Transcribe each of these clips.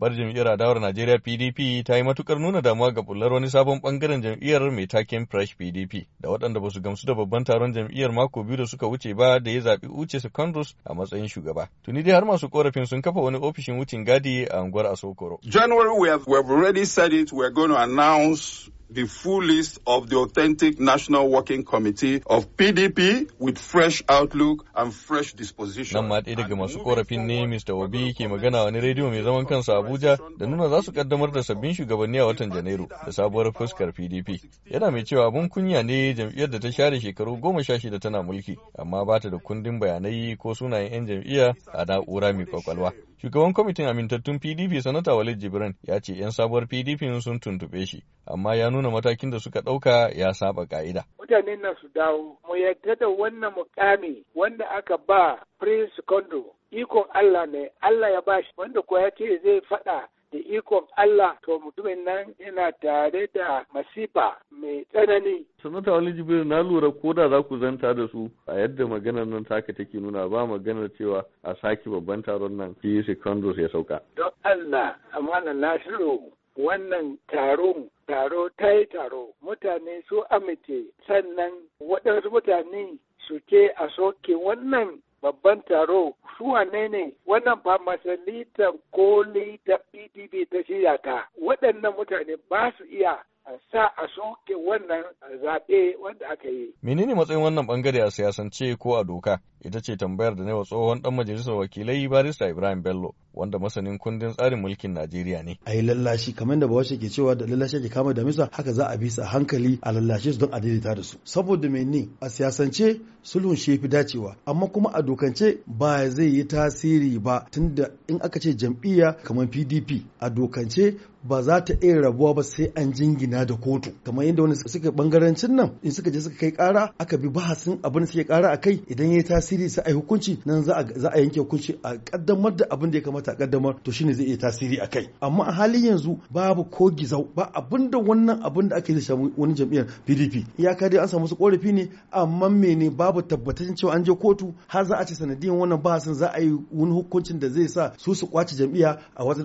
Babbar jam'iyyar adawar Najeriya PDP ta yi matukar nuna damuwa ga bullar wani sabon bangaren jam'iyyar mai taken Fresh PDP da waɗanda ba su gamsu da babban taron jam'iyyar mako biyu da suka wuce ba da ya zaɓi Uche Secondus a matsayin shugaba. Tuni dai har masu korafin sun kafa wani ofishin wucin gadi a unguwar Asokoro. January we have, we have already said it we are going to announce the full list of the authentic National Working Committee of PDP with fresh outlook and fresh disposition. Nan ma ɗaya daga masu korafin ne Mr. Obi ke magana wani rediyo mai zaman kansa Abuja da nuna za su kaddamar da sabbin shugabanni a watan Janairu da sabuwar fuskar PDP. Yana mai cewa abun kunya ne jam'iyyar da ta share shekaru goma sha shida tana mulki amma ba ta da kundin bayanai ko sunayen 'yan jam'iyya a na'ura mai kwakwalwa. Shugaban kwamitin amintattun PDP Sanata Walid Jibrin ya ce 'yan sabuwar PDP sun tuntuɓe shi amma ya nuna nuna matakin da suka ɗauka ya saba ka'ida. Mutane na su dawo, mu yadda da wannan mukami wanda aka ba Prince Kondo ikon Allah ne, Allah ya bashi wanda kuwa ya ce zai faɗa da ikon Allah to mutumin nan yana tare da masifa mai tsanani. Sanata Wani jibiru na lura ko da za ku zanta da su a yadda maganar nan taka take nuna ba maganar cewa a sake babban taron nan ki secondos ya sauka. Don Allah, amma na Nasiru wannan taro taro ta yi taro mutane su amince sannan waɗansu mutane su ce a soke wannan babban taro su wane ne wannan ba masalitan koli ta pdp ta shirya ta waɗannan mutane ba su iya sa a soke wannan zaɓe wanda aka yi. Menene matsayin wannan bangare a siyasance ko a doka? ita ce tambayar da na wa tsohon dan majalisar wakilai barista ibrahim bello wanda masanin kundin tsarin mulkin najeriya ne a yi lallashi kamar da bawashi ke cewa da lallashi ke kama da misa haka za a bi su a hankali a lallashe su don a daidaita da su saboda mai ne a siyasance sulhun shi fi dacewa amma kuma a dokance ba zai yi tasiri ba tunda in aka ce jam'iyya kamar pdp a dokance ba za ta iya rabuwa ba sai an jingina da kotu kamar yadda wani suka bangarancin nan in suka je suka kai kara aka bi bahasin abin suke kara a kai idan ya yi tasiri tasiri sai a hukunci nan za a yanke hukunci a kaddamar da abin da ya kamata a kaddamar to shine zai iya tasiri a kai amma a halin yanzu babu ko gizau ba abin da wannan abin da ake da wani jam'iyyar PDP ya dai an samu su korafi ne amma mene babu tabbatacin cewa an je kotu har za a ci sanadiyan wannan ba san za a yi wani hukuncin da zai sa su su kwace jam'iyya a wata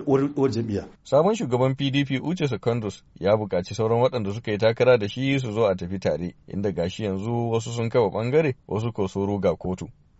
jam'iyya sabon shugaban PDP Uche Secondus ya buƙaci sauran waɗanda suka yi takara da shi su zo a tafi tare inda gashi yanzu wasu sun kawo bangare wasu ko sun ruga kotu